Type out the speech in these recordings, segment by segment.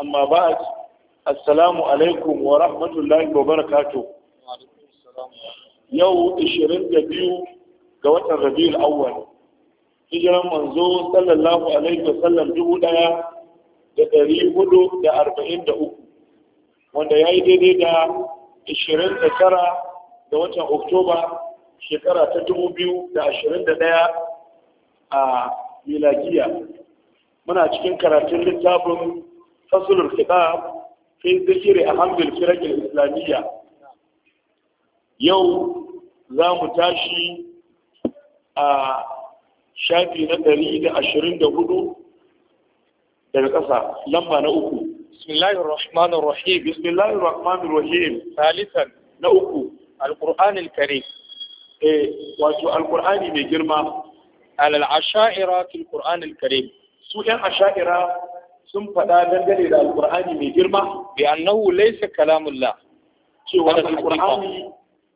amma ba a assalamu alaikum wa rahmatullahi wa barakatu yau 22 ga watan rabiul awwal hijiran manzo sallallahu alaihi wa sallam dubu daya da dari hudu da arba'in da uku wanda ya yi daidai da 29 ga watan oktoba shekara ta dubu biyu da ashirin da daya a milagiya muna cikin karatun littafin فصل الخطاب في ذكر أهم الفرق الإسلامية يوم za mu tashi a shafi na ɗari da ashirin da hudu daga ƙasa lamba na uku bismillahir rahmanir rahim bismillahir rahmanir na uku alqur'anil karim eh wato alqur'ani mai girma al su ɗan asha'ira sun faɗa dangane da alƙur'ani mai girma bi annahu laysa kalamullah cewa alƙur'ani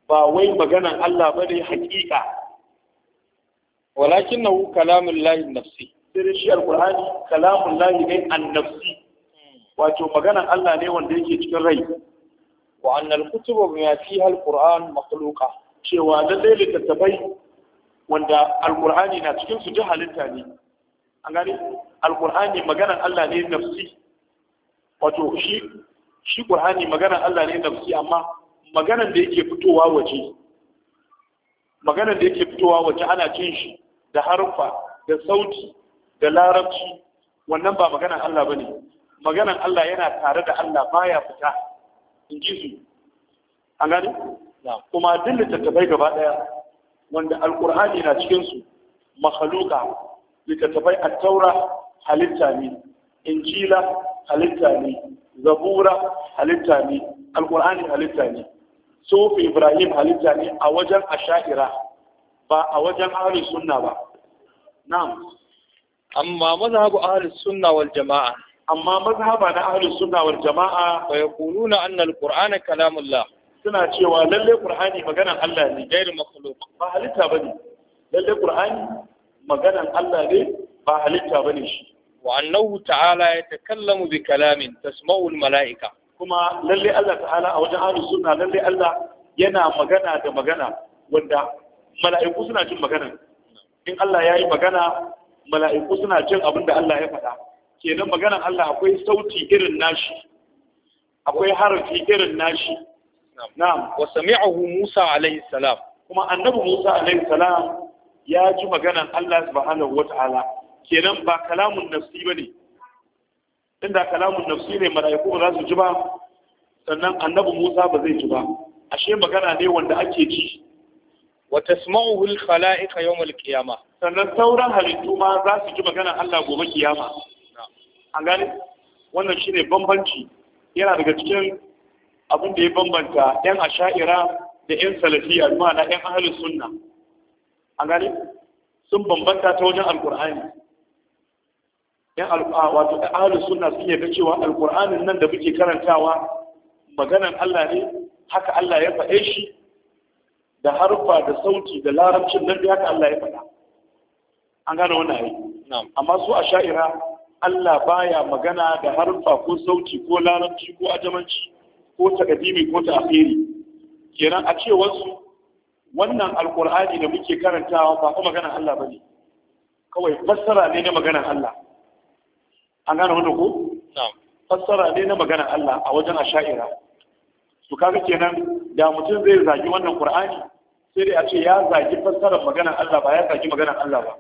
ba wai maganan Allah ba bane haƙiƙa walakinnahu kalamullah nafsi sai shi alƙur'ani kalamullah ne annafsi wato maganan Allah ne wanda yake cikin rai wa annal kutuba bima fiha alquran makhluqa cewa lallai littattafai wanda alqur'ani na cikin su ji halitta ne an gani Alƙur'ani maganan Allah ne nafsi wato shi shi qur'ani maganan Allah ne nafsi amma maganan da yake fitowa waje maganan da yake fitowa waje ana cin shi da harfa da sauti da larabci wannan ba maganan Allah bane maganan Allah yana tare da Allah baya fita in ji su an gani kuma duk littattafai gaba daya wanda Alƙur'ani na cikin su littattafai a taura halitta ne injila halitta ne zabura halitta ne alkur'ani halitta ne Sufi ibrahim halitta ne a wajen asha'ira ba a wajen ahli sunna ba na'am amma mazhabu ahli sunna wal jama'a amma mazhaba na ahli sunna wal jama'a fa yaquluna anna alqur'ana kalamullah suna cewa lalle qur'ani maganar Allah ne gairu makhluq ba halitta bane lalle qur'ani maganan Allah ne ba halitta ne shi wa annahu ta'ala yatakallamu bi kalamin ta al mala'ika kuma lalle Allah ta'ala a wajen ahlus suna lalle Allah yana magana da magana wanda mala'iku suna jin maganan in Allah ya yi magana mala'iku suna jin abin da Allah ya faɗa kenan maganan Allah akwai sauti irin nashi akwai harafi irin nashi na'am wa sami'ahu Musa alaihi salam kuma annabi Musa alaihi salam ya ji maganan Allah subhanahu wata'ala kenan ba kalamun nafsi bane inda kalamun nafsi ne mala'iku ba za su ji ba sannan annabi Musa ba zai ji ba ashe magana ne wanda ake ji wa tasma'uhu al-khala'iqa yawm al-qiyamah sannan sauran halittu ma za su ji magana Allah gobe kiyama an gane wannan shine bambanci yana daga cikin abin da ya bambanta yan asha'ira da yan salafiyya ma'ana yan ahlus sunna A gane sun bambanta ta wajen alkur'ani yan wato ahlus suna sun yarda cewa alkur'anin nan da muke karantawa maganan Allah ne haka Allah ya faɗe shi da harfa da sauti da larabcin nan da haka Allah ya faɗa an gane wannan ai amma su a sha'ira Allah baya magana da harfa ko sauti ko larabci ko ajamanci ko takadimi ko ta'khiri kenan a cewar su wannan alkur'ani da muke karantawa ba kuma maganar Allah ba ne. kawai fassara ne na maganar Allah an gane wannan ku, fassara ne na maganar Allah a wajen asha'ira Su kaga kenan da mutum zai zagi wannan qur'ani sai dai a ce ya zagi fassarar maganar Allah ba ya zagi maganar Allah ba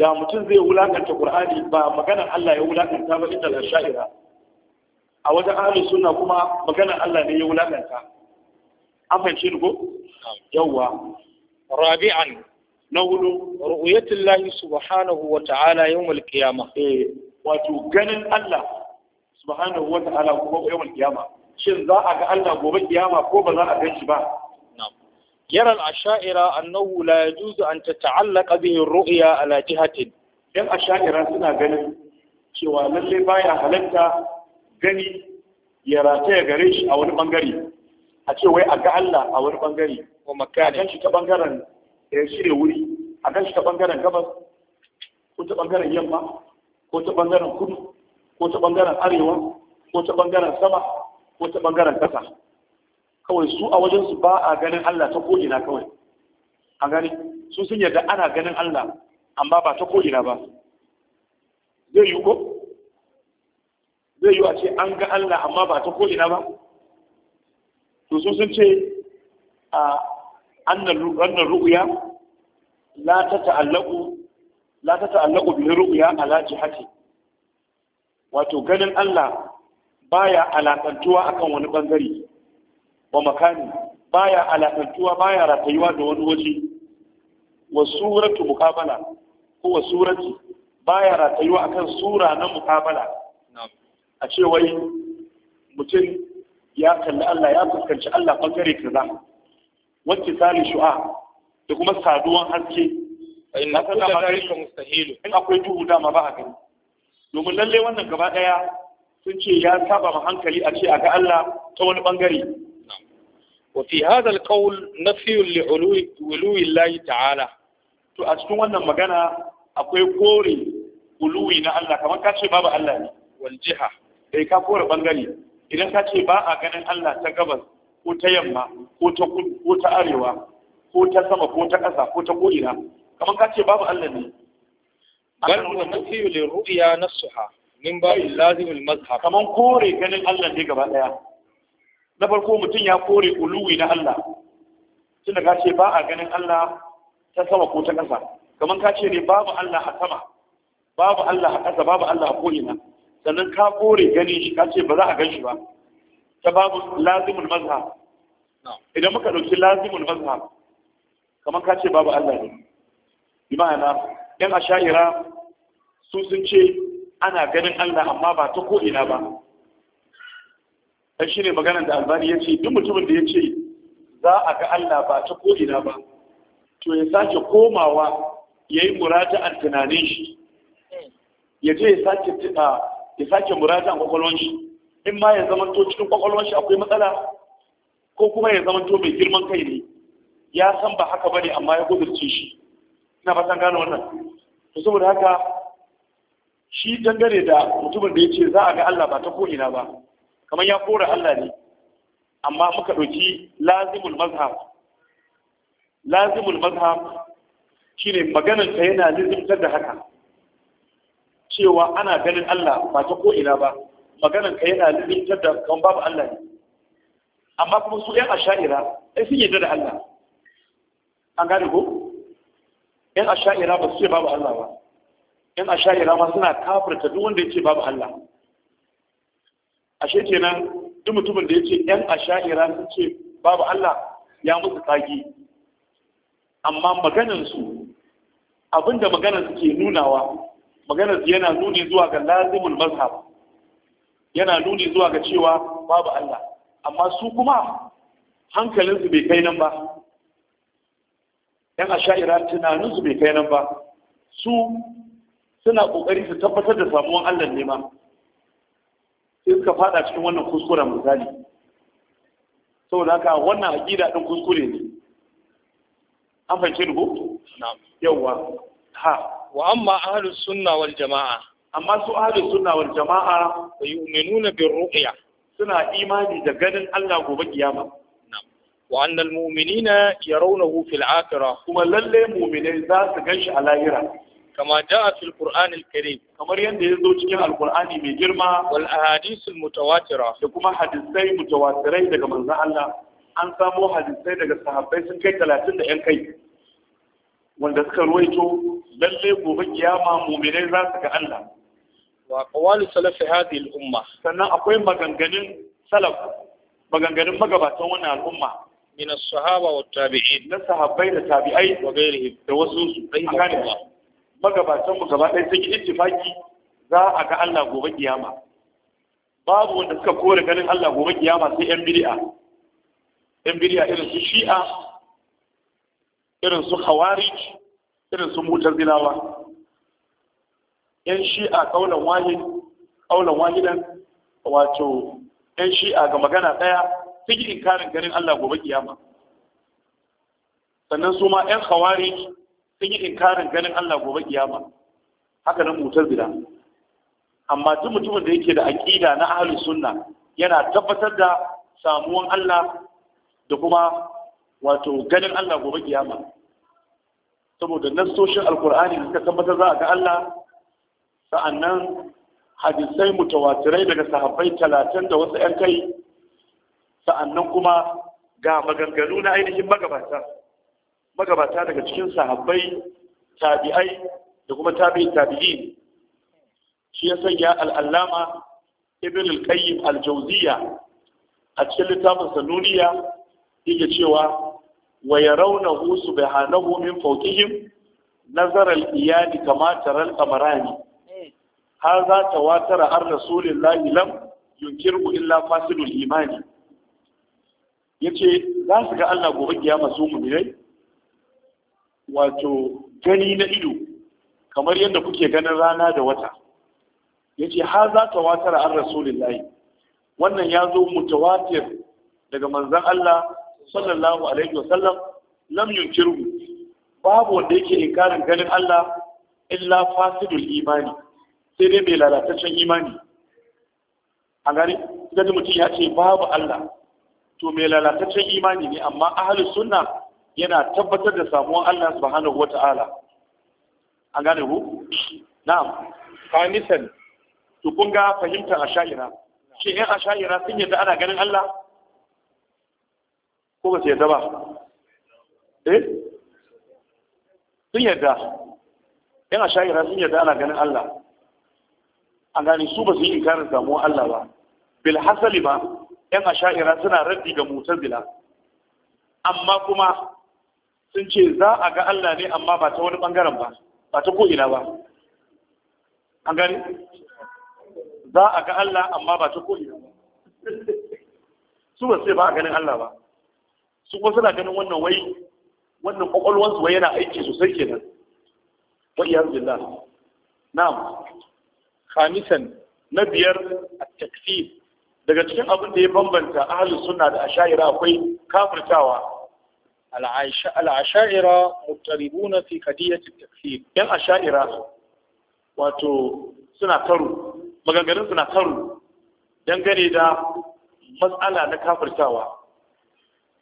da mutum zai wulakanta qur'ani ba maganar Allah ya wulakanta ba inda asha'ira a wajen ahlus sunna kuma maganar Allah ne ya wulakanta an fahimci ni ko yawwa rabi'an na hudu ru'yatul lahi subhanahu wa ta'ala yawmal qiyama eh wato ganin Allah subhanahu wa ta'ala gobe yawmal qiyama shin za a ga Allah gobe kiyama ko ba za a gan shi ba يرى الأشاعرة أنه لا يجوز an تتعلق به Ru'ya على جهة ‘yan asha'ira suna ganin cewa lalle baya halatta gani ya rataya gare shi a wani bangare a ce wai a ga Allah a wani bangare ko makani kan shi ta bangaren ya eh, shirya wuri a kan shi ta bangaren gabas ko ta bangaren yamma ko ta bangaren kudu ko ta bangaren arewa ko ta bangaren sama ko ta bangaren kasa kawai su a wajen su ba a ganin Allah ta ko'ina kawai a gani su sun yarda ana ganin Allah amma ba ta ko'ina ba zai yi ko zai yi a ce an ga Allah amma ba ta ko'ina ba to su sun ce a annan ru'uya la ta ta'allaku la ta ta'allaku bi ru'uya ala jihati wato ganin Allah baya alakantuwa akan wani bangare wa makani baya alakantuwa baya ratayuwa da wani waje wa suratu muqabala ko wa surati baya ratayuwa akan sura na muqabala a ce mutum ya kalli Allah ya fuskanci Allah bangare kaza wacce sali shu'a da kuma saduwan haske in akwai duhu dama ba a gani domin lalle wannan gaba daya sun ce ya saba ma hankali a ce a ga Allah ta wani bangare وفي هذا القول نفي لعلو علو الله to a cikin wannan magana akwai kore uluwi na Allah kamar ka ce babu Allah ne wal jiha eh, ka kore bangare idan ka ce ba a ganin Allah ta gabas ko ta yamma ko ta kudu ko ta arewa ko ta sama ko ta ƙasa ko ta ko'ina kamar ka ce babu Allah ne bal munafiyu lil ru'ya nafsuha min babil lazim al kamar kore ganin Allah ne gaba daya na farko mutum ya kore uluwi na Allah tunda ka ce ba a ganin Allah ta sama ko ta ƙasa kamar ka ce ne babu Allah a sama babu Allah a ƙasa babu Allah a ko'ina sannan ka kore gani shi ka ce ba za a gan shi ba ta babu lazimul maza. idan muka ɗauki lazimul maza kamar ka ce babu Allah ne bi ma'ana yan asha'ira su sun ce ana ganin Allah amma ba ta ko'ina ba dan shine maganar da albani ya ce duk mutumin da ya ce za a ga Allah ba ta ko'ina ba to ya sake komawa ya yi murata a tunanin shi hmm. ya je ya sake tuɗa ah, ya sake murajan a kwakwalwan shi in ma ya zamanto cikin kwakwalwan shi akwai matsala ko kuma ya zamanto mai girman kai ne ya san ba haka bane amma ya gudurce shi ina fatan gane wannan to saboda haka shi dangare da mutumin da ya ce za a ga Allah ba ta ko ina ba kamar ya kora Allah ne amma muka ɗauki lazimul mazhab lazimul mazhab shine maganar ta yana lizimtar da haka cewa ana ganin Allah ba ta ko ina ba maganan ka yana limitar da kan babu Allah ne amma kuma su ‘yan asha'ira ai sun yadda da Allah an gane ko ‘yan asha'ira ba su ce babu Allah ba ‘yan asha'ira ma suna kafirta duk wanda ya ce babu Allah ashe kenan duk mutumin da ya ce ‘yan asha'ira sun ce babu Allah ya musu tsagi amma maganan su abinda maganansu su ke nunawa maganar yana nuni zuwa ga lazimul mazhab yana nuni zuwa ga cewa babu Allah amma su kuma hankalinsu bai kai nan ba yan asha'ira tunaninsu bai kai nan ba su suna kokari su tabbatar da samuwan Allah ne ma sai suka fada cikin wannan kuskure misali saboda haka wannan aqida din kuskure ne an fahimci ko na'am yawa ha wa amma ahlus sunna wal jama'a amma su ahlus sunna wal jama'a yu'minuna bir ru'ya suna imani da ganin Allah gobe kiyama wa annal mu'minina yarawnahu fil akhirah kuma lalle mu'minai za su ganshi a lahira kama jaa fil qur'an al karim kamar yanda ya zo cikin Alkur'ani mai girma wal ahadith al mutawatira da kuma hadisai mutawatirai daga manzon Allah an samo hadisai daga sahabbai sun kai 30 da yan kai wanda suka ruwaito lalle gobe kiyama mu'minai za su ga Allah wa qawalu salafi hadhihi al-umma sannan akwai maganganun salaf maganganun magabatan wannan al'umma min as-sahaba wa tabi'in na sahabbai da tabi'ai wa ghairihim da wasu su rahimahullah magabatan mu gaba ɗaya sun yi ittifaki za a ga Allah gobe kiyama babu wanda suka kore ganin Allah gobe kiyama sai yan bid'a yan bid'a irin su shi'a irin su khawarij irin mutar zinawa? yan shi'a kaulan wahid kaulan wahidan wato yan shi'a ga magana daya sun yi inkarin ganin Allah gobe kiyama sannan su ma yan khawari sun yi inkarin ganin Allah gobe kiyama haka nan mutazila amma duk mutumin da yake da aqida na ahlus sunna yana tabbatar da samuwan Allah da kuma wato ganin Allah gobe kiyama saboda nassoshin alkur'ani da suka tabbata za a ga Allah sa'annan hadisai mutawatirai daga sahabbai talatin da wasu 'yan kai sa'annan kuma ga maganganu na ainihin magabata magabata daga cikin sahabbai tabi'ai da kuma tabi'i tabi'i shi ya sanya al'allama ibn al-qayyim al-jawziya a cikin littafin sanuniya yake cewa wa سبحانه من فوقهم نظر nazar كما ترى kama هذا تواتر عن رسول الله لم rasulillahi lam فاسد illa imani yace za su ga Allah gobe kiyama masu mummunai. wato gani na ido kamar yadda kuke ganin rana da wata yace hadha tawatara ar rasulillahi wannan ya zo mutawatir daga manzon Allah sallallahu alaihi wa sallam lam yunkiru babu wanda yake inkarin ganin Allah illa fasidul imani sai dai mai lalataccen imani a gari idan mutum ya ce babu Allah to mai lalataccen imani ne amma ahli sunna yana tabbatar da samuwar Allah subhanahu wata'ala a gane ku na'am khamisan to kun ga fahimtar asha'ira shi ɗan asha'ira sun yadda ana ganin Allah ko ba su yadda ba eh sun yadda yan ashayira sun yadda ana ganin Allah A gani su ba su yi inkarin samuwa Allah ba bil hasali ba yan ashayira suna raddi ga mutazila amma kuma sun ce za a ga Allah ne amma ba ta wani bangaren ba ba ta ko'ina ba an gani za a ga Allah amma ba ta ko'ina ba su ba sai ba a ganin Allah ba su kuma suna ganin wannan wai wannan kwakwalwansu wai yana aiki sosai kenan wai ya Na na'am khamisan na biyar a takfir daga cikin abin da ya bambanta ahli suna da ashayira akwai kafirtawa al-asha'ira mutaribuna fi qadiyati takfir yan asha'ira wato suna karo maganganun suna don dangane da matsala na kafirtawa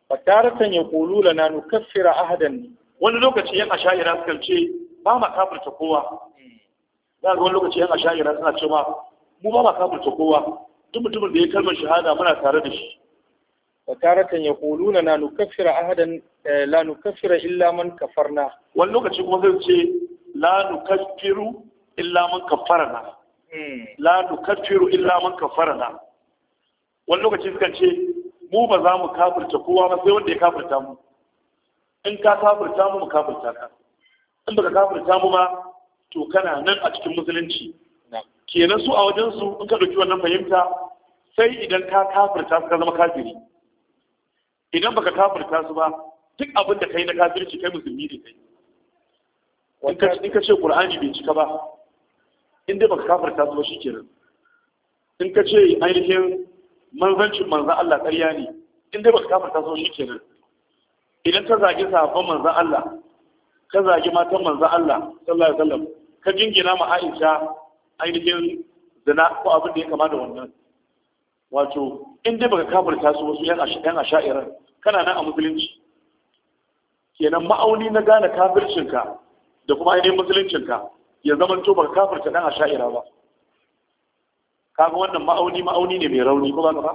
fataratan ya kulu lana nukaffira ahadan wani lokaci yan asha'ira suka ce ba ma kafirta kowa za ga wani lokaci yan asha'ira suna ce ma mu ba ma kafirta kowa duk mutumin da ya kalmar shahada muna tare da shi fataratan ya kulu lana nukaffira ahadan eh, la nukaffira illa man kafarna wani lokaci kuma zai ce la nukaffiru illa man kafarna hmm. la nukaffiru illa man kafarna wani lokaci suka ce mu ba za mu kafirta kowa ba sai wanda ya kafirta mu in ka kafirta mu mu kafirta ka in baka kafirta mu ba to kana nan a cikin musulunci kenan su a wajen su in ka dauki wannan fahimta sai idan ka kafirta su ka zama kafiri idan baka kafirta su ba duk abin da kai na kafirci kai musulmi ne kai in ka ce qur'ani bai cika ba in dai baka kafirta su ba shikenan in ka ce ainihin manzancin manzan Allah ƙarya ne in dai baka ta so shi kenan idan ka zagi sahabban manzan Allah ka zagi matan manzan Allah sallallahu alaihi wasallam ka jingina ma Aisha ainihin zina ko abin da ya kama da wannan wato in dai baka ta su wasu yan asha'iran asha'ira kana nan a musulunci kenan ma'auni na gane kafircinka da kuma ainihin musuluncinka ya zama to baka kafarta dan asha'ira ba kaga wannan ma'auni ma'auni ne mai rauni ko ba ka ba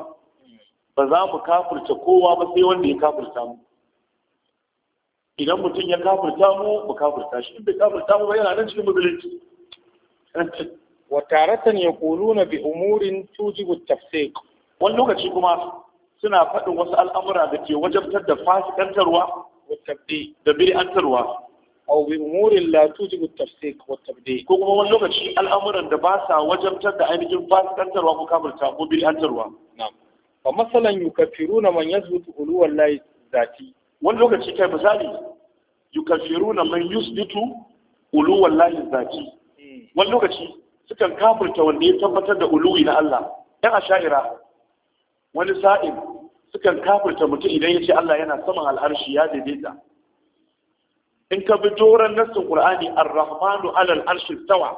ba za mu kafurta kowa ba sai wanda ya kafurta mu idan mutum ya kafurta mu mu kafurta shi in bai kafurta mu ba yana nan cikin musulunci wa taratan yaquluna bi umurin tujibu tafsiq wani lokaci kuma suna faɗin wasu al'amura da ke wajabtar da fasikantarwa da bid'antarwa aw bi umurin la tujibu tafsik ko kuma wani lokaci al'amuran da ba sa wajabtar da ainihin fasikantarwa ko kafirta ko bil'antarwa na'am fa masalan yukaffiruna man yazbutu uluwan lahi zati wani lokaci kai misali yukaffiruna man yusbitu uluwan lahi zati hmm. wani lokaci sukan kafirta wanda ya tabbatar da uluwi na Allah yan asha'ira wani sa'in sukan kafirta mutum idan ya ce Allah yana saman al'arshi ya daidaita in ka bi doron nassin qur'ani ar-rahmanu alal arshi tawa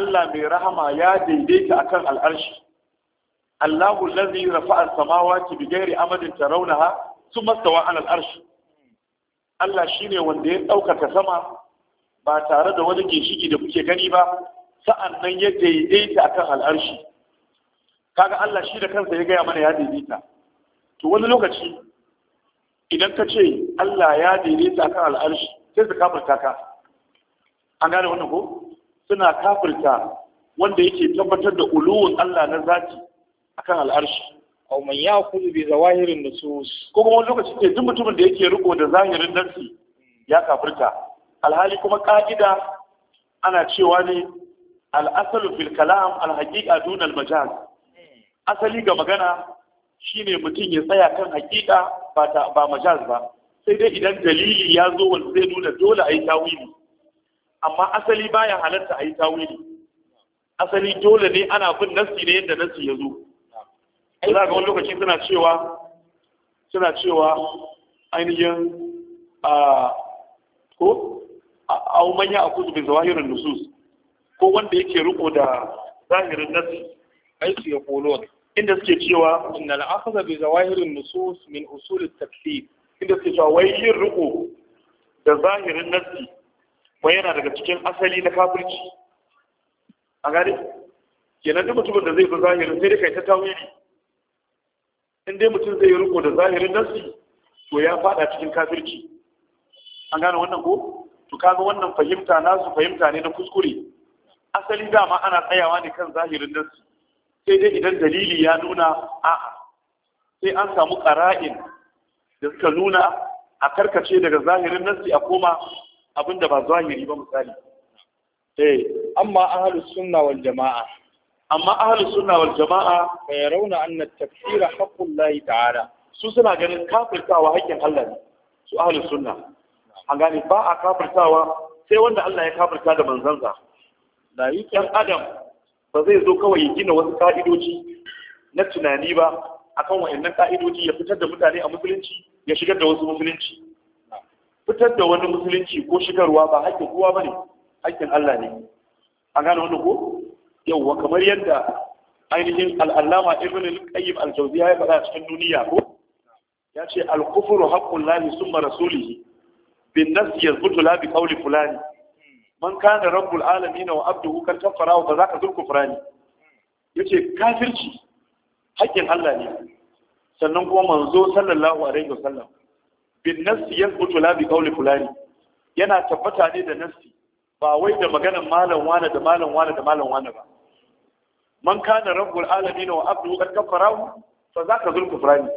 Allah mai rahama ya daidaita akan al'arshi Allahu allazi rafa'a as-samawati bighairi amadin tarawnaha thumma stawa 'ala al-arshi Allah shine wanda ya daukaka sama ba tare da wani ginshiki da kuke gani ba sa'annan ya daidaita akan al'arshi kaga Allah shi da kansa ya gaya mana ya daidaita to wani lokaci idan ka ce Allah ya daidaita kan al'arshi sai su kafirta ka an gane wannan ko suna kafirta wanda yake tabbatar da uluwun Allah na zaki akan al'arshi aw man ya'khudhu bi zawahirin nusus kuma wani lokaci ce duk mutumin da yake riko da zahirin nafsi ya kafirta alhali kuma ka'ida ana cewa ne al'asalu fil kalam al haqiqa dun al hmm. asali ga magana shine mutum ya tsaya kan hakika ba ba majaz ba sai dai idan dalili ya zo wanda zai nuna dole ayi tawili amma asali baya halarta ayi tawili asali dole ne ana bin nasi ne yadda nasi ya zo za ga wani lokaci suna cewa suna cewa ainihin a ko a manya a kudu bin zawahirin nusus ko wanda yake riko da zahirin nasi aiki ya kolo ne inda suke cewa inna al'akhadha akhadha bi zawahirin nusus min usul at-taklif inda suke cewa wai yin ruku da zahirin nassi wai yana daga cikin asali na kafirci a gare kenan duk mutumin da zai bi zahirin sai dai kai ta tawili in dai mutum zai yi riko da zahirin nassi to ya fada cikin kafirci an gane wannan ko to kaga wannan fahimta nasu fahimta ne na kuskure asali dama ana tsayawa ne kan zahirin nassi sai dai idan dalili ya nuna a'a sai an samu ƙara'in da suka nuna a karkace daga zahirin nasi a koma abin da ba zahiri ba misali eh amma ahlus sunna wal jama'a amma ahlus sunna wal jama'a fa rauna an na tafsira haƙƙun layi ta'ala su suna ganin kafirtawa haƙƙin Allah ne su ahlus sunna an gane ba a kafirtawa sai wanda Allah ya kafirta da manzansa da yi adam ba zai zo kawai ya gina wasu ka'idoji na tunani ba akan wa'annan ka'idoji ya fitar da mutane a musulunci ya shigar da wasu musulunci fitar da wani musulunci ko shigarwa ba haƙƙin kowa bane haƙƙin Allah ne an gane wannan ko wa kamar yadda ainihin al'allama ibn al-qayyim al-jawziya ya faɗa cikin duniya ko ya ce al-kufru haqqul lahi summa rasulihi bin nafsi yazbutu la bi qawli fulani man kana rabbul alamin wa abduhu kal kafara wa bazaka zul kufrani yace kafirci Hakkin Allah ne sannan kuma manzo sallallahu alaihi wasallam bin nafsi yathbutu la bi qawli fulani yana tabbata ne da nafsi ba wai da maganan malam wani da malam wani da malam wani ba man kana rabbul alamin wa abduhu kal kafara fa zaka zul kufrani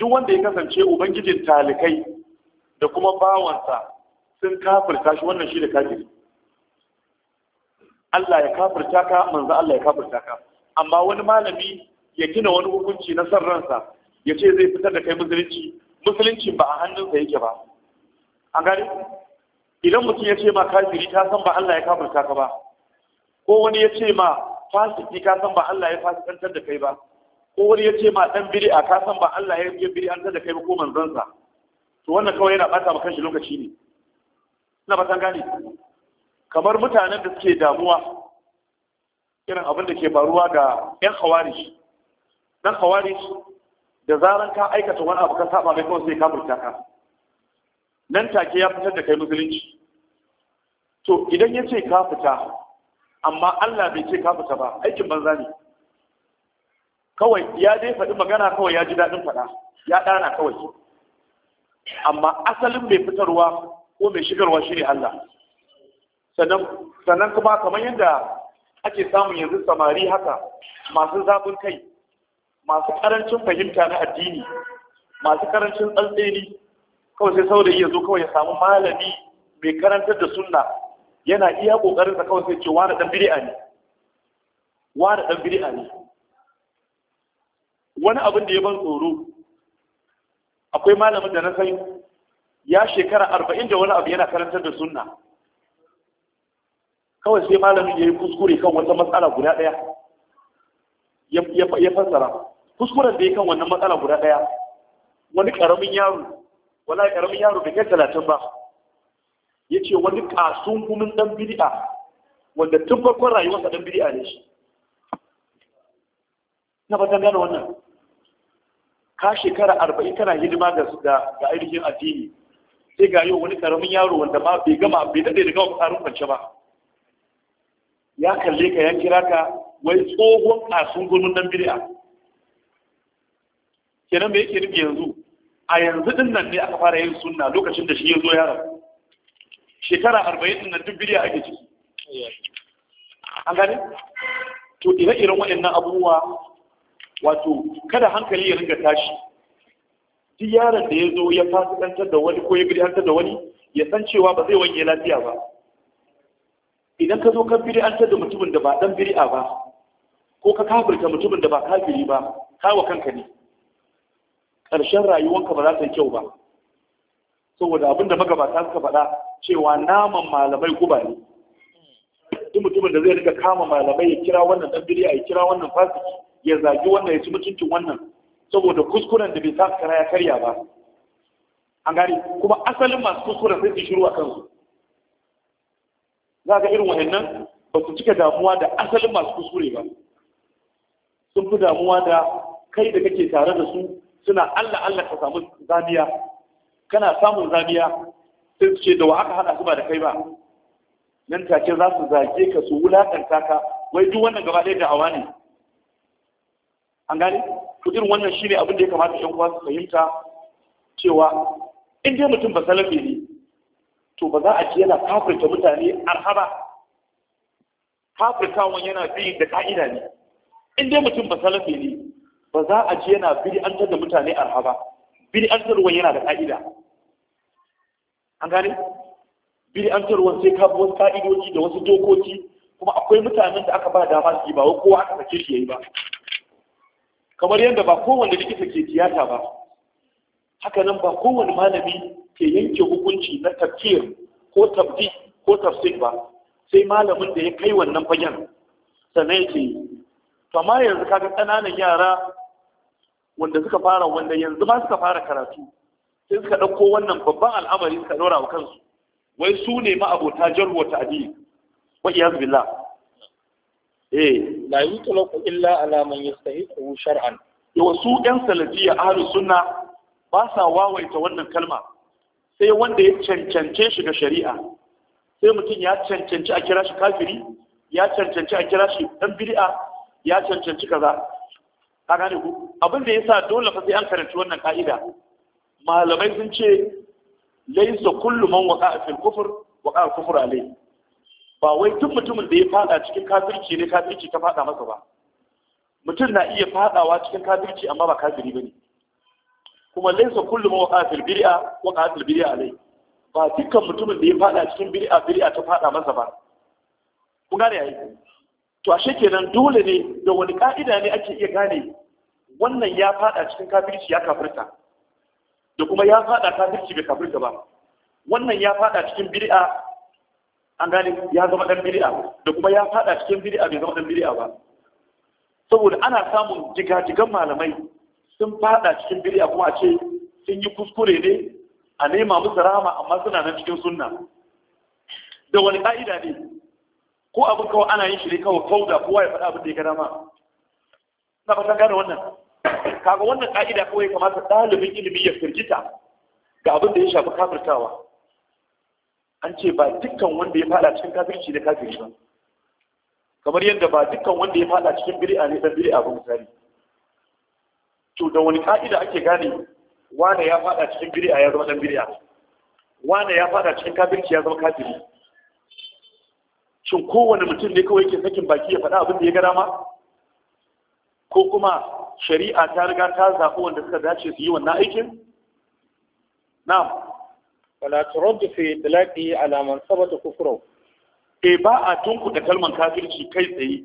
duk wanda ya kasance ubangijin talikai da kuma bawansa sun kafirta shi wannan shi da kafiri Allah ya kafirta ka manzo Allah ya kafirta ka amma wani malami ya gina wani hukunci na san ransa ya ce zai fitar da kai musulunci musulunci ba a hannunsa yake ba an gani idan mutum ya ce ma kafiri ta san ba Allah ya kafirta ka ba ko wani ya ce ma fasiki ka san ba Allah ya fasikantar da kai ba ko wani ya ce ma dan bid'a ka san ba Allah ya yi bid'antar da kai ba ko sa to wannan kawai yana bata maka shi lokaci ne na ba gane kamar mutanen da suke damuwa irin abin da ke faruwa ga 'yan hawari dan hawari da zaran ka aikata wani abu ka saba mai kawai sai ka burta ka nan take ya fitar da kai musulunci to idan ya ce ka fita amma Allah bai ce ka fita ba aikin banza ne kawai ya dai faɗi magana kawai ya ji daɗin faɗa ya ɗana kawai amma asalin mai fitarwa ko mai shigarwa shi ne Allah sannan kuma kamar yadda ake samun yanzu samari haka masu zafin kai masu karancin fahimta na addini masu karancin tsantseni kawai sai saurayi ya zo kawai ya samu malami mai karantar da sunna yana iya kokarin sa kawai sai ce wani dan bid'a ne wani dan bid'a ne wani abin da ya ban tsoro akwai malamin da na sai ya shekara arba'in da wani abu yana karantar da sunna kawai sai malamin ya yi kuskure kan wata matsala guda ɗaya ya fassara kuskuren da ya kan wannan matsala guda ɗaya wani ƙaramin yaro wala ƙaramin yaro da kai talatin ba ya ce wani ƙasun gumin ɗan bidi'a wanda tun farkon rayuwarsa ɗan bidi'a ne shi na fatan gane wannan ka shekara arba'in tana hidima ga ainihin addini sai ga yau wani ƙaramin yaro wanda ma bai gama bai daɗe da gama ƙarin kwance ba ya kalle ka ya kira ka wai tsohon kasun gurmin dan bid'a kenan me yake nufi yanzu a yanzu din nan ne aka fara yin sunna lokacin da shi ya zo yaron shekara arba'in din nan duk bid'a ake ciki an gane to ire-iren waɗannan abubuwa wato kada hankali ya ringa tashi duk yaron da ya zo ya fasikantar da wani ko ya bidantar da wani ya san cewa ba zai wanke lafiya ba idan ka zo ka bid'antar da mutumin da ba dan a ba ko ka kafirta mutumin da ba kafiri ba kawo kanka ne ƙarshen rayuwanka ba za ta kyau ba saboda abin da magabata suka faɗa cewa naman malamai guba ne duk mutumin da zai rika kama malamai ya kira wannan dan a ya kira wannan fasiki ya zagi wannan ya ci mutuncin wannan saboda kuskuren da bai sa kara ya karya ba an gane kuma asalin masu kuskuren sai su shiru a kansu kaga ga irin wahannan ba su cika damuwa da asalin masu kusure ba sun fi damuwa da kai da kake tare da su suna allah allah ka samu zamiya kana samun zamiya sai su ce da wa aka hada su ba da kai ba nan take za su zage ka su wulaƙanta ka wai duk wannan gaba ɗaya da'awa ne an gane to irin wannan shine abin da ya kamata ƴan uwa su fahimta cewa in dai mutum ba salafi ne to ba za a ce yana kafirta mutane arhaba kafirtawan yana bi da ka'ida ne in dai mutum ba salafi ne ba za a ce yana bid'antar da mutane arhaba bid'antarwan yana da ka'ida an gane bid'antarwan sai ka wasu ka'idoji da wasu dokoki kuma akwai mutanen da aka ba dama su yi ba kowa aka sake shi yayi ba kamar yadda ba kowanne likita ke tiyata ba hakanan ba kowane malami ke yanke hukunci na tafkir ko tabdi ko tafsir ba sai malamin da ya kai wannan fagen sannan ya ce. to amma yanzu kaga ƙananan yara wanda suka fara wanda yanzu ma suka fara karatu sai suka ɗauko wannan babban al'amari suka ɗora wa kansu wai su ne ma abota jarwa ta adili wa iyaz billah eh la yutlaqu illa ala man yastahiqu shar'an wa su ɗan salafiya ahlus sunna ba sa wawaita wannan kalma sai wanda ya cancance shi ga shari'a sai mutum ya cancanci a kira shi kafiri ya cancanci a kira shi dan bid'a ya cancanci kaza ka gane ku abin da yasa dole fa sai an karanta wannan ka'ida malamai sun ce laysa kullu man waqa'a fil kufr waqa'a kufr alayhi ba wai duk mutumin da ya fada cikin kafirci ne kafirci ta fada masa ba mutum na iya fadawa cikin kafirci amma ba kafiri bane kuma laisa kullu ma waqa fil bid'a waqa fil bid'a alai ba dukkan mutumin da ya fada cikin bid'a bid'a ta fada masa ba kun gane yayi to ashe kenan dole ne da wani ka'ida ne ake iya gane wannan ya fada cikin kafirci ya kafirta da kuma ya fada kafirci bai kafirta ba wannan ya fada cikin bid'a an gane ya zama dan bid'a da kuma ya fada cikin bid'a bai zama dan bid'a ba saboda ana samun jigajigan malamai sun fada cikin bid'a kuma a ce sun yi kuskure ne a nema musu rahama amma suna nan cikin sunna da wani ka'ida ne ko abin kawai ana yin shi ne kawai fauda kowa ya faɗa abin da ya ga dama na fatan gane wannan kaga wannan ka'ida kawai kamata ɗalibin ilimi ya firgita ga abin da ya shafi kafirtawa an ce ba dukkan wanda ya fada cikin kafirci da kafiri ba kamar yadda ba dukkan wanda ya fada cikin bid'a ne dan bid'a ba misali to da wani ka'ida ake gane wane ya fada cikin bid'a ya zama dan bid'a wane ya fada cikin kafirci ya zama kafiri shin kowane mutum ne kawai yake sakin baki ya faɗa abin da ya ga dama ko kuma shari'a ta riga ta zaɓi wanda suka dace su yi wannan aikin na'am wala turaddu fi talaqi ala man sabata kufru E, eh, ba a da kalman kafirci kai tsaye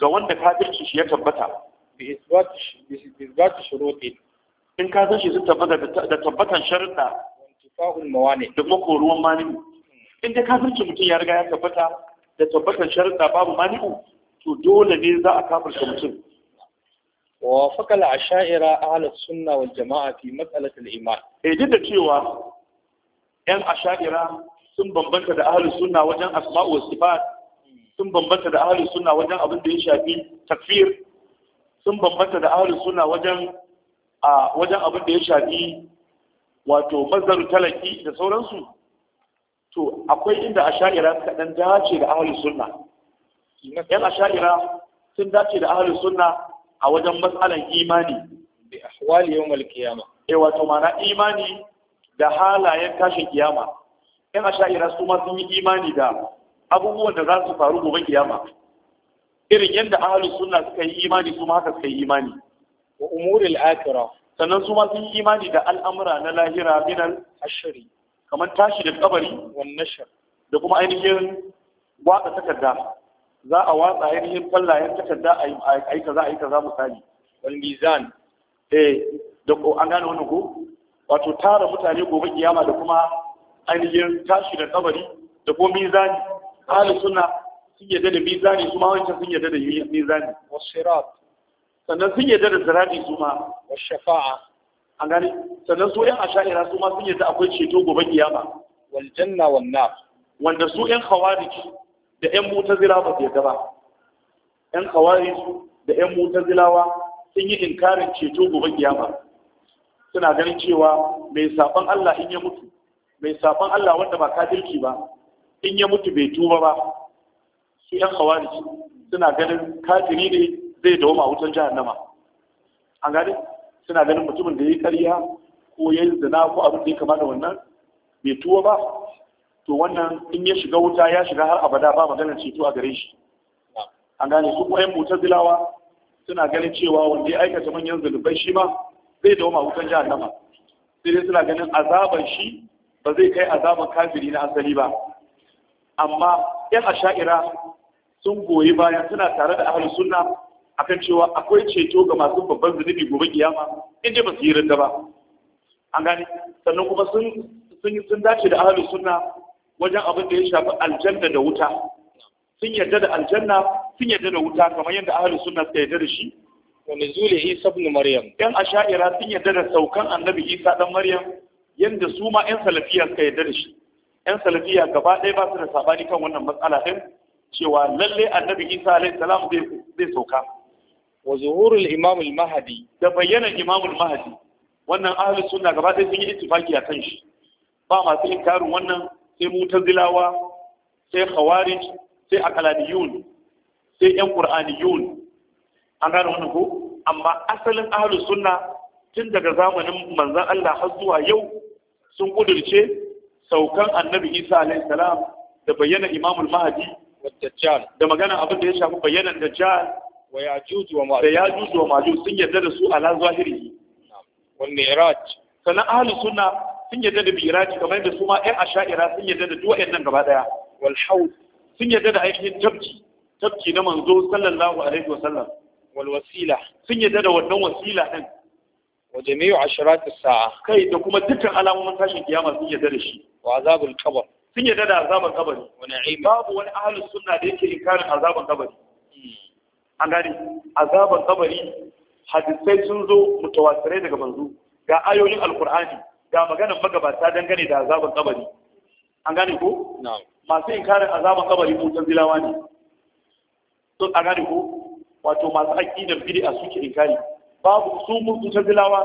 ga wanda kafirci shi ya tabbata bi isbatu shuruti in ka san shi sun tabbata da tabbatan sharuɗa intifa'ul mawani da kuma ruwan mani in da kafirci mutum ya riga ya tabbata da tabbatan sharuɗa babu mani'u to dole ne za a kafirta mutum ووافق العشائر أهل السنة والجماعة في مسألة الإيمان إجد كيوا أن عشائر sun bambanta da ahlus sunna wajen asma'u was sifat hmm. sun bambanta da ahlus sunna wajen abin da ya shafi takfir sun bambanta da ahalin suna wajen a wajen abin da ya shafi wato mazaru talaki da sauransu to akwai inda asha'ira suka dan dace da ahalin suna yan asha'ira sun dace da ahalin suna a wajen matsalan imani bi ahwali yawmal qiyama eh wato mana imani da halayen tashin kiyama yan asha'ira su ma sun yi imani da abubuwan da za su faru gobe kiyama irin yadda ahlus sunna suka yi imani su ma haka suka yi imani wa umuril akhirah sannan su ma sun yi imani da al'amura na lahira minal ashri kamar tashi da kabari wan nashr da kuma ainihin watsa takarda za a watsa ainihin fallayen takarda a yi kaza a yi kaza misali wal mizan eh da ko an gane wannan ko wato tara mutane gobe kiyama da kuma ainihin tashi da kabari da kuma mizani ahlus sunna sun yadda da mizani su ma wancan sun yadda da mizani wasirat sannan sun yadda da sirati su ma washafa'a an gani sannan su yan asha'ira su ma sun yadda akwai ceto gobe kiyama wal janna wan wanda su yan khawarij da yan mu'tazila ba su yadda ba yan khawarij da yan mu'tazilawa sun yi inkarin ceto gobe kiyama suna ganin cewa mai saban Allah in ya mutu mai saban Allah wanda ba kafirci ba in ya mutu bai tuba ba yan khawarij suna ganin kafiri ne zai dawo wutan jahannama an gane suna ganin mutumin da ya yi karya ko ya yi zina ko abin da ya kama da wannan bai tuwo ba to wannan in ya shiga wuta ya shiga har abada ba maganar ceto a gare shi an gane su ko yan zilawa suna ganin cewa wanda ya aikata manyan zulubai shi ma zai dawo ma wutan jahannama sai dai suna ganin azaban shi ba zai kai azaban kafiri na asali ba amma yan asha'ira sun goyi bayan suna tare da ahlus sunna akan cewa akwai ceto ga masu babban zunubi gobe kiyama in ba su yi ridda ba an gane sannan kuma sun sun sun dace da ahlus sunna wajen abin da ya shafi aljanna da wuta sun yarda da aljanna sun yarda da wuta kamar yadda ahlus sunna suka yarda da shi wa nuzuli isa ibn maryam a asha'ira sun yarda da saukan annabi isa dan maryam yanda su ma yan salafiya suka yarda da shi yan salafiya gaba ɗaya ba su da sabani kan wannan matsala din cewa lalle annabi isa alaihi salam zai sauka wa zuhurul imam al-mahdi da bayyana imam al-mahdi wannan ahli sunna gaba ɗaya sun yi ittifaki a kan shi ba masu inkarin wannan sai mutazilawa sai khawarij sai akalaniyun sai yan qur'aniyun an gane wannan ko amma asalin ahli sunna tun daga zamanin manzon Allah har zuwa yau sun kudirce saukan annabi Isa alaihi salam da bayyana imamul al-mahdi da magana abin da ya shafi bayanan dajjal wa da yajuj wa ma'juj sun yadda da su ala zahiri wal mi'raj sunna sun yadda da mi'raj kamar da su ma ɗan asha'ira sun yadda da duwayen nan gaba daya sun yadda da ainihin tabki na manzo sallallahu alaihi wa sallam sun yadda da wannan wasila din wa jami'u asharat as-sa'a kai da kuma dukkan alamomin tashin kiyama sun yarda da shi wa azabul sun yarda da azaban kabari babu wani ahalus suna da yake inkarin azaban kabari hmm. an gane azaban kabari hadisai sun zo mutawasirai daga manzo ga ayoyin alkur'ani ga maganar magabata dangane da azaban kabari an gane ko masu inkarin azaban kabari mutan zilawa ne sun a gane ko wato masu aƙidar bid'a suke inkari babu su mutan zilawa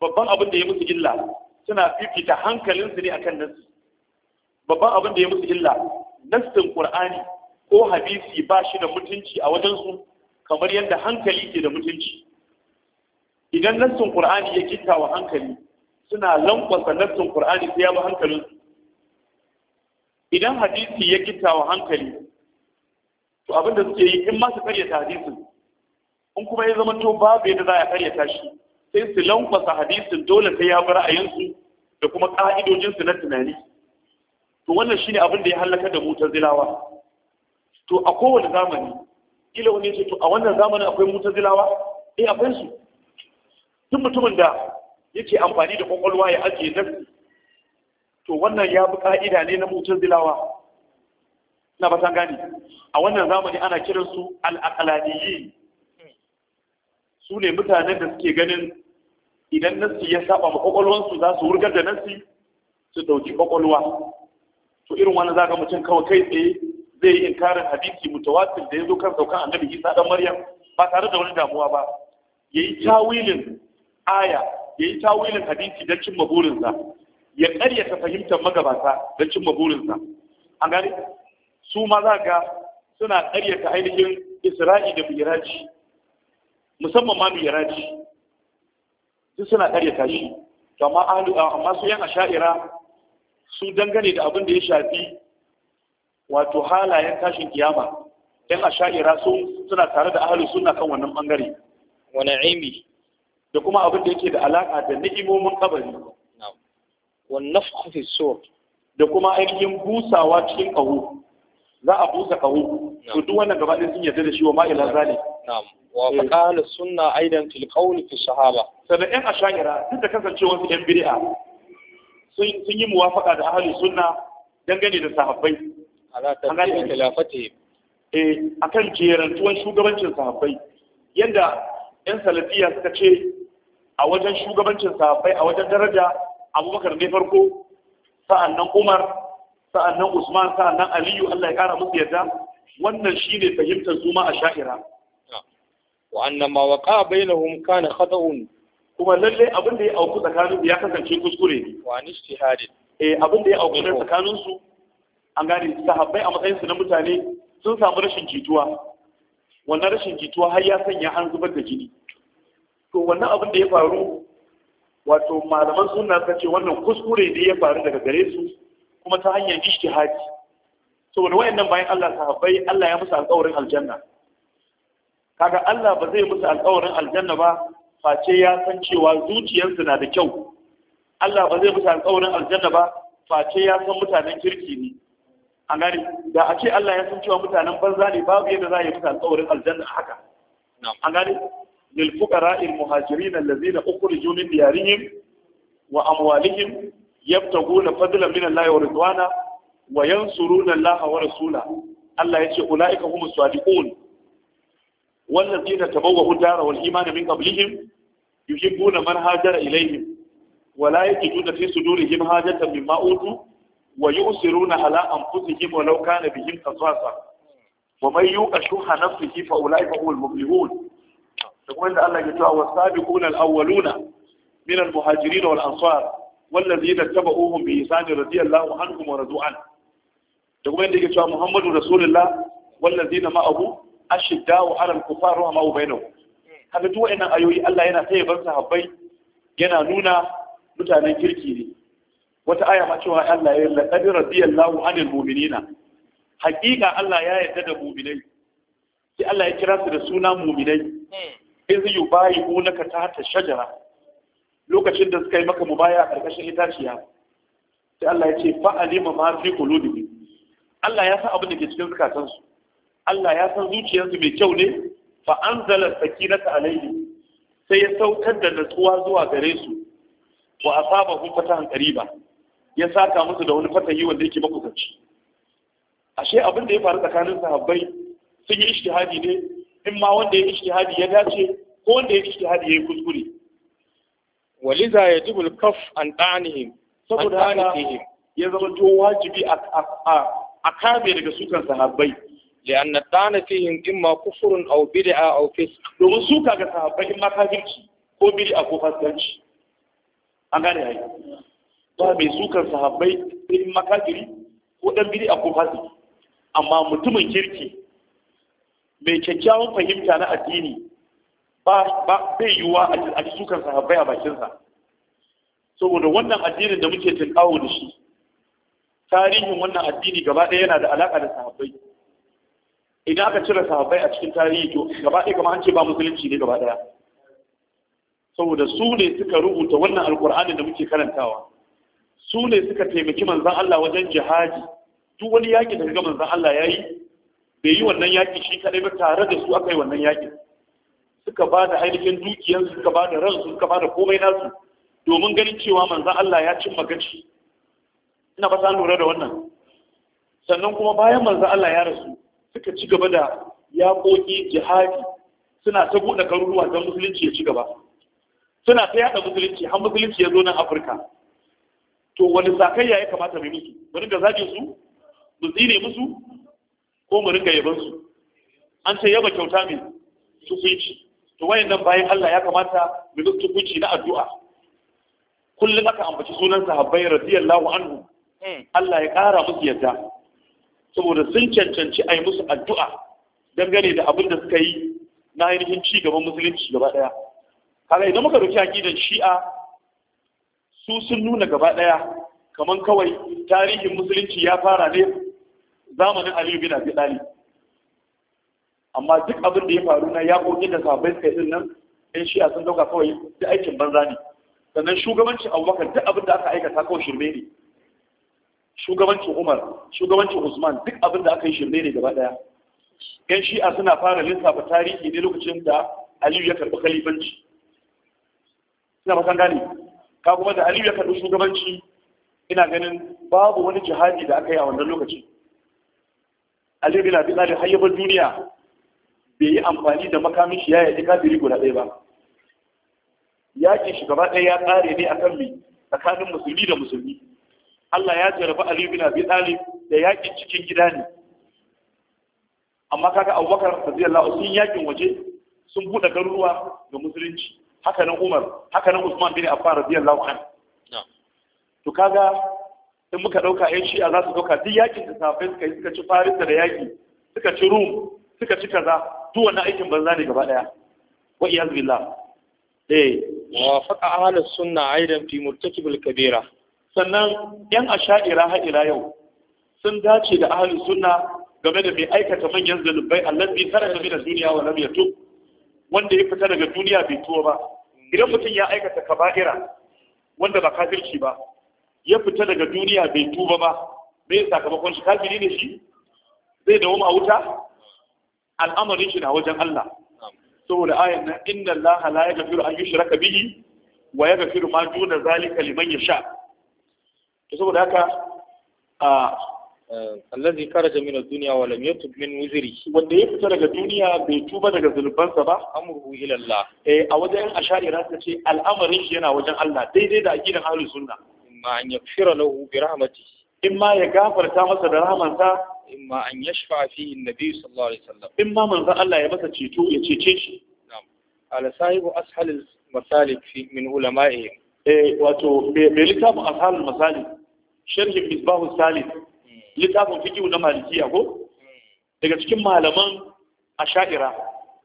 babban abin da ya musu illa suna fifita hankalinsu ne akan nasu babban abin da ya musu illa nassin qur'ani ko hadisi ba shi da mutunci a wajen su kamar yadda hankali ke da mutunci idan nassin qur'ani ya kitta wa hankali suna lankwasa nassin qur'ani sai ya bi hankalin su idan hadisi ya kitta wa hankali to abin da suke yi in ma su karyata hadisin in kuma ya zama to babu yadda za a karyata shi sai su lankwasa hadisin dole sai ya bi ra'ayinsu da kuma ka'idojinsu na tunani to wannan shine abin da ya halaka da mutazilawa to a kowane zamani kila wani ce to a wannan zamanin akwai mutazilawa eh akwai su Tun mutumin da yake amfani da kwakwalwa ya ajiye nafsi to wannan ya bi ka'ida ne na mutazilawa na ba gane a wannan zamani ana kiransu al-aqlaniyi su ne mutanen da suke ganin idan nassi ya saba ma kwakwalwansu za su wurgar da nassi su dauki kwakwalwa to irin wani zaka mutum kawai kai tsaye zai yi inkarin hadisi mutawatir da ya zo kan saukan annabi Isa dan Maryam ba tare da wani damuwa ba yayi tawilin aya yayi tawilin hadisi don cimma burinsa ya ƙaryata fahimtar magabata don cimma burinsa an gane su ma za ga suna ƙaryata ainihin isra'i da miraji musamman ma miraji su suna ƙaryata shi amma ah, amma su yan asha'ira su dangane da abin da ya shafi wato halayen tashin kiyama dan asha'ira sun suna tare da ahlus suna kan wannan bangare wani aimi da kuma abin da yake da alaka da ni'imomin kabari wa nafkhu da kuma ainihin busawa cikin kaho za a busa kaho to duk wannan gaba sun yarda da shi wa ma'ila zane. wa faqala eh. sunna aidan tilkauni fi sahaba sannan yan asha'ira duk da kasancewar su yan bid'a sun yi muwafaka da ahalin sunna dangane da sahabbai a eh, kan jerantuwan shugabancin sahabbai yadda 'yan salafiya suka ce a wajen shugabancin sahabbai a wajen daraja abubakar ne farko sa'annan umar sa'annan usman sa'annan aliyu allah ya kara musu yadda wannan shine fahimtar zuma a sha'ira wa'annan ma waƙa bainahum kana khata'un kuma lalle abin da ya auku tsakanin ya kasance kuskure ne wa eh abin da ya auku tsakanin su an gane sahabbai a matsayin su na mutane sun samu rashin jituwa wannan rashin jituwa har ya sanya an zubar da jini to wannan abin da ya faru wato malaman sunna suka ce wannan kuskure ne ya faru daga gare su kuma ta hanyar ijtihadi saboda wayannan bayan Allah sahabbai Allah ya musu alƙawarin aljanna kaga Allah ba zai musu alƙawarin aljanna ba face ya san cewa zuciyarsu na da kyau Allah ba zai mutu alƙawarin aljanna ba face ya san mutanen kirki ne a gani da a ce Allah ya san cewa mutanen banza ne babu yadda za a yi mutu alƙawarin aljanna haka a gani lil fuqara al muhajirin allazina ukhriju min diyarihim wa amwalihim yabtaguna fadlan min Allah wa ridwana wa yansuruna Allah wa rasulahu Allah ya ce ula'ika humus sadiqun wallazina tabawwa'u dara wal imana min qablihim yuhibbuna man hajara ilaihim wa la yajiduna fi sudurihim hajatan mimma utu wa yusiruna ala anfusihim wa law kana bihim qasasa wa man yuqa shuha nafsihi fa ulaika humul muflihun da kuma inda Allah ya wa wasabiquna al-awwaluna min al-muhajirin wal ansar والذين اتبعوهم بإحسان رضي الله عنهم ورضوا عنه da kuma yadda yake cewa Muhammadu Rasulullah wallazina ma'ahu ashidda'u 'alal kufar wa ma'u bainahu kaga duk wayannan ayoyi Allah yana ban bar sahabbai yana nuna mutanen kirki ne wata aya ma cewa Allah ya laqad radiyallahu anil mu'minina haƙiƙa Allah ya yarda da mu'minai sai Allah ya kira su da suna mu'minai hmm. iz yubayi'unaka tahta shajara lokacin da suka yi maka mubaya a ƙarƙashin itaciya sai Allah ya ce fa'alima ma fi qulubi Allah ya san abin da ke cikin zukatansu Allah ya san zuciyarsu mai kyau ne fa tsaki na alayhi sai ya saukar da natsuwa zuwa gare su wa fata hankari ba, ya saka musu da wani fatayi wanda yake makusanci ashe abinda ya faru tsakanin sahabbai sun yi ishtihadi ne in ma wanda ya ishtihadi ya dace ko wanda ya ishtihadi ya yi kuskure waliza ya ji kaf an ɗanihim saboda haka ya zama to wajibi a kame daga sukan sahabbai li'anna tana fihim imma kufrun aw bid'a aw fisq domin su kaga sahabbai in ma kafirci ko bid'a ko fasikanci an gane yayi ba mai sukan sahabbai in ma ko dan bid'a ko fasiki amma mutumin kirki mai kyakkyawan fahimta na addini ba ba bai yiwuwa a ci sukan sahabbai a bakinsa saboda wannan addinin da muke tilkawo da shi tarihin wannan addini gaba ɗaya yana da alaƙa da sahabbai idan aka cire sahabbai a cikin tarihi to gaba ɗaya kamar an ce ba musulunci ne gaba ɗaya saboda su ne suka rubuta wannan alkur'ani da muke karantawa su ne suka taimaki manzan Allah wajen jihadi duk wani yaƙi da ga manzan Allah ya yi bai yi wannan yaƙi shi kaɗai ba tare da su aka yi wannan yaƙin suka ba da ainihin dukiyansu suka ba da ransu suka ba da komai nasu domin ganin cewa manzan Allah ya cimma gaci ina ba lura da wannan sannan kuma bayan manzan Allah ya rasu suka ci gaba da yaƙoƙi jihadi suna ta buɗe garuruwa don musulunci ya ci gaba suna ta yaɗa musulunci har musulunci ya zo nan afirka to wani sakai ya kamata mai musu mu ringa zagin su mu tsine musu ko mu ringa yaban su an ce yaba kyauta mai tukuici to wayan nan bayan Allah ya kamata mu musu tukuici na addu'a kullum aka ambaci sunan sahabbai radiyallahu anhu hmm. Allah ya ƙara musu yadda saboda sun cancanci a yi musu addu'a dangane da abin da suka yi na ainihin ci gaban musulunci gaba ɗaya kaga idan muka dauki gidan shi'a su sun nuna gaba ɗaya kamar kawai tarihin musulunci ya fara ne zamanin aliyu bin abi talib amma duk abin da ya faru na ya kokin da sabai suka yi nan ɗan shi'a sun dauka kawai duk aikin banza ne sannan shugabancin abubakar duk abin da aka aikata kawai shirme ne shugabancin Umar shugabancin Usman duk abin da aka yi shirme ne gaba daya yan shi'a suna fara lissafa tarihi ne lokacin da Aliyu ya karɓi khalifanci ina ba gane ka kuma da Aliyu ya karɓi shugabanci ina ganin babu wani jihadi da aka yi a wannan lokacin Aliyu bin Abi Talib har yabar duniya bai yi amfani da makamin shi ya yaji kafiri guda ɗaya ba Yaƙin shi gaba ɗaya ya ƙare ne akan mai tsakanin musulmi da musulmi Allah ya jarabi Ali bin Abi Talib da yakin cikin gida ne amma kaga Abubakar radiyallahu sun yakin waje sun bude garuruwa ga musulunci haka nan Umar haka nan Usman bin Affan radiyallahu anhu to kaga in muka dauka shi a za su dauka duk yakin da safai suka yi suka ci Faris da yaki suka ci Rum suka ci kaza duk wannan aikin banza ne gaba daya wa iyaz billah eh wa faqa ahlus sunna aidan fi murtakibul kabira sannan yan asha'ira ha'ira yau sun dace da ahalin sunna game da mai aikata manyan zanubai allazi tara game da duniya wa lam yatub wanda ya fita daga duniya bai tuwa ba idan mutum ya aikata kaba'ira wanda ba kafirci ba ya fita daga duniya bai tuba ba me sakamakon shi kafiri ne shi zai dawo a wuta al'amarin shi na wajen Allah saboda ayan nan inna Allah la yaghfiru an yushraka bihi wa yaghfiru ma duna zalika liman yasha to saboda haka a eh, allazi kharaja min ad-dunya wa lam yatub min wuzri wanda ya fita daga duniya bai tuba daga zulbansa ba amruhu ila Allah eh a wajen ash'ari ta ce al'amarin shi yana wajen Allah daidai da aqidan ahlus sunna imma an yaghfira lahu bi rahmatihi imma ya gafarta masa da rahmansa imma an yashfa fihi an-nabi sallallahu alaihi wasallam imma manzo Allah ya masa ceto ya cece shi na'am ala sahibu ashalil masalik fi min ulama'ihim eh wato me littafin ashalul masali sharhin misbahu salis, eh. littafin fiqh na malikiya ko eh. daga cikin malaman a Sha'ira.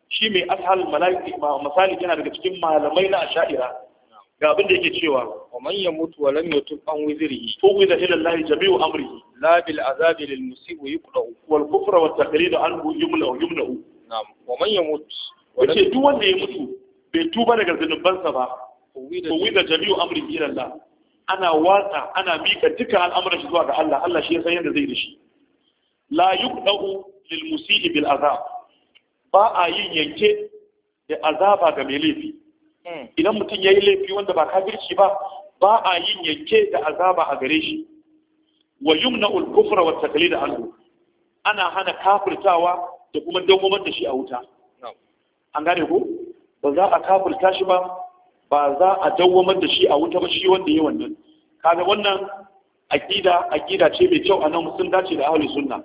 shi mai ashalul malaiki masali yana daga cikin malamai na a Sha'ira. ga abinda da yake cewa wa man yamutu wa lam yatub an wizrihi fuwida ila allahi jami'u amrihi la bil azabi lil musibi yuqda'u wal kufra wat taqlid anhu yumna yumla'u na'am wa man mutu. wace duk wanda ya mutu bai tuba daga zunubansa ba da jami'u amrin ila Allah ana watsa ana mika duka al'amuran shi zuwa ga Allah Allah shi ya san yadda zai da shi la yuqda'u lil musii bil azab ba a yin yanke da azaba ga mai laifi hmm. idan mutum yayi laifi wanda ba kafirci ba ba a yin yanke da azaba a gare shi wa yumna'ul kufra wat taqlid anhu ana hana kafirtawa da kuma dawwamar da shi a wuta an gane ko ba za a kafirta shi ba ba za a dawwamar da shi a wuta ba shi wanda ya wannan kaga wannan aqida aqida ce mai kyau anan sun dace da ahli sunna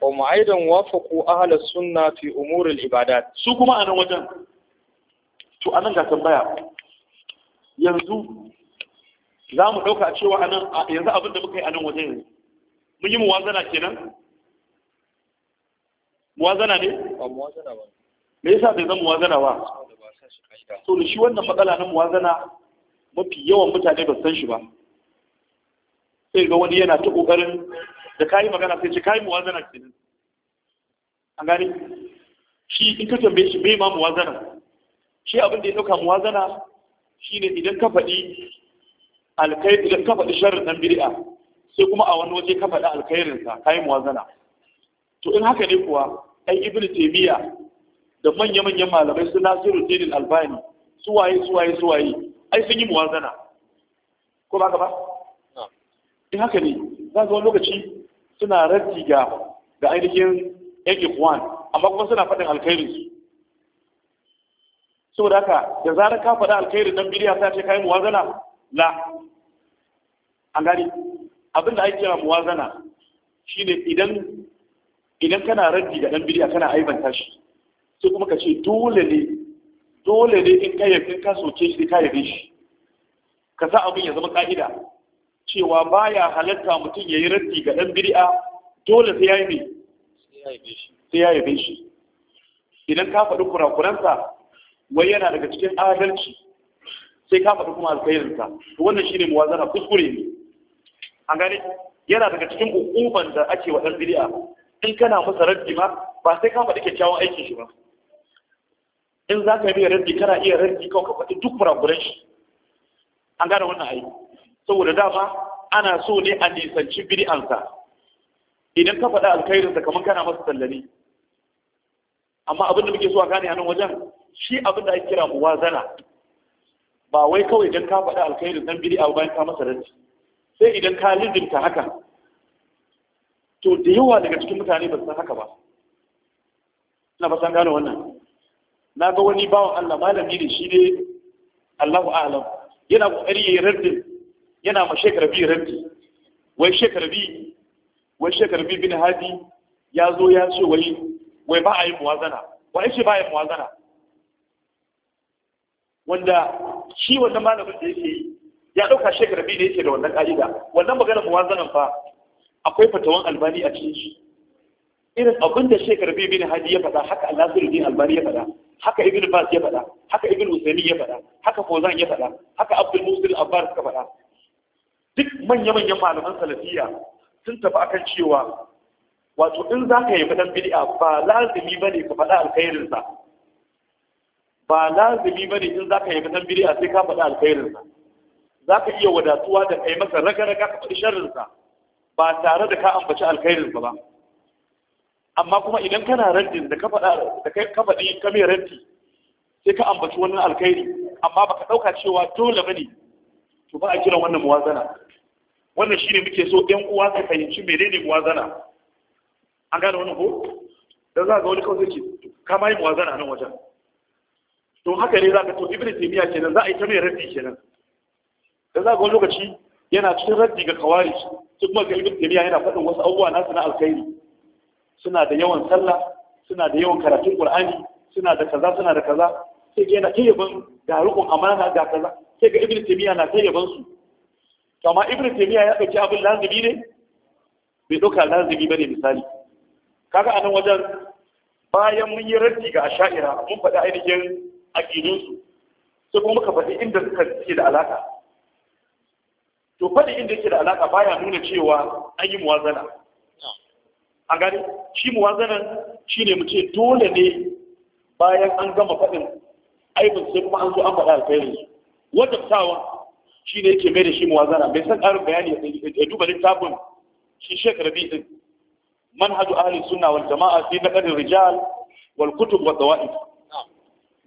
wa mu'aidan wafaqu ahli sunna fi umur al-ibadat su kuma anan wajen to anan ga tambaya yanzu za mu dauka cewa anan yanzu abin da muka yi anan wajen yanzu mun yi muwazana kenan muwazana ne ba muwazana ba me yasa bai zama muwazana ba so da shi wannan matsala na muwazana mafi yawan mutane ba san shi ba sai ga wani yana ta kokarin da kayi magana sai ce kayi muwazana nan an gani shi in ka tambaye shi bai ma muwazana shi abin da ya dauka muwazana shine idan ka faɗi alkhairi idan ka faɗi sharrin dan bid'a sai kuma a wani waje ka faɗi alkhairinsa sa kayi muwazana to in haka ne kuwa ai ibnu taymiya da manya-manyan malamai su nasiru dinin albani suwaye suwaye suwaye ai sun yi muwazana ko ba ka ba in haka ne za su wani lokaci suna raddi ga ga ainihin yan ikwan amma kuma suna faɗin alkhairin su da haka da zarar ka faɗa alkhairin nan biliya ta ce kai muwazana la an gani abin da ake kira muwazana shine idan idan kana raddi ga dan biliya kana aibanta shi sai kuma ka ce dole ne dole ne in kayyafin ka soke shi ka yabe shi ka sa abin ya zama ka'ida cewa baya halatta mutum ya yi raddi ga ɗan bid'a dole sai ya yi sai ya yabe shi idan ka faɗi kurakuransa wai yana daga cikin adalci sai ka faɗi kuma alkhairinsa wannan shine muwazana kuskure ne an gane yana daga cikin hukuman da ake wa ɗan bid'a in kana masa raddi ma ba sai ka faɗi kyakkyawan aikin shi ba in za ka yi mai kana iya raddi kawai ka faɗi duk kurakuran shi an gane wannan aiki saboda dama ana so ne a nisanci bid'ansa idan ka faɗi alkhairinsa kamar kana masa sallani amma abin da muke so a gane a nan wajen shi abin da ake kira muwazana ba wai kawai idan ka faɗi alkhairin dan bid'a bayan ka masa raddi sai idan ka lidinta haka to da yawa daga cikin mutane ba su san haka ba ina ba san gane wannan na ga wani bawan Allah malami ne shi ne Allahu a'lam yana kokari ya raddi yana ma shekarbi raddi wai shekarbi wai shekarbi bin hadi ya zo ya ce wai wai ba a yi muwazana wai ce ba a yi muwazana wanda shi wannan malamin da yake yi ya ɗauka shekarbi ne yake da wannan ƙa'ida wannan maganar muwazanan fa akwai fatawan albani a cikin shi irin abin da shekarbi bin hadi ya faɗa haka Allah albani ya faɗa haka ibn Bas ya faɗa haka ibn Usaimi ya faɗa haka Fozan ya faɗa haka Abdul Musil Abbar ka faɗa duk manya-manyan malaman salafiya sun tafi akan cewa wato in za ka yi faɗan bid'a ba lazimi ba ne ka faɗa alkhairinsa ba lazimi ba ne in za ka yi faɗan bid'a sai ka faɗa alkhairinsa za ka iya wadatuwa da kai masa raga-raga ka faɗi sa ba tare da ka ambaci alkhairinsa ba amma kuma idan kana rantin da ka faɗa da kai ka faɗi ka mai ranti sai ka ambaci wannan alkhairi amma baka ɗauka cewa dole bane to ba a kiran wannan muwazana wannan shine muke so ɗan uwa ka fahimci menene muwazana an gane wannan ko dan za ga wani kawai ce ka mai muwazana nan wajen to haka ne za ka to ibn taymiya kenan za a yi ta mai ranti kenan dan za ga wani lokaci yana cikin raddi ga kawari sai kuma ga ibn taymiya yana faɗin wasu abubuwa nasu na alkhairi suna da yawan sallah suna da yawan karatun qur'ani suna da kaza suna da kaza sai ga yana ban ga rukun amana ga kaza sai ga ibnu taymiya na tayyaban su to amma ibnu taymiya ya dauki abin lazimi ne bai doka lazimi bane misali kaga anan wajen bayan mun yi raddi ga asha'ira mun faɗi ainihin aqidun su sai kuma muka faɗi inda suka ke da alaka to faɗi inda yake da alaka baya nuna cewa an yi muwazana a gari shi mu muwazanan shi ne mu ce dole ne bayan an gama faɗin aibin sai kuma an zo an faɗa alkhairin su wajabtawa shi ne yake mai da shi muwazana mai san ƙarin bayani ya duba littafin shi biyu ɗin din manhaju ahalin suna wal jama'a fi ƙarin rijal wal kutub wa dawa'if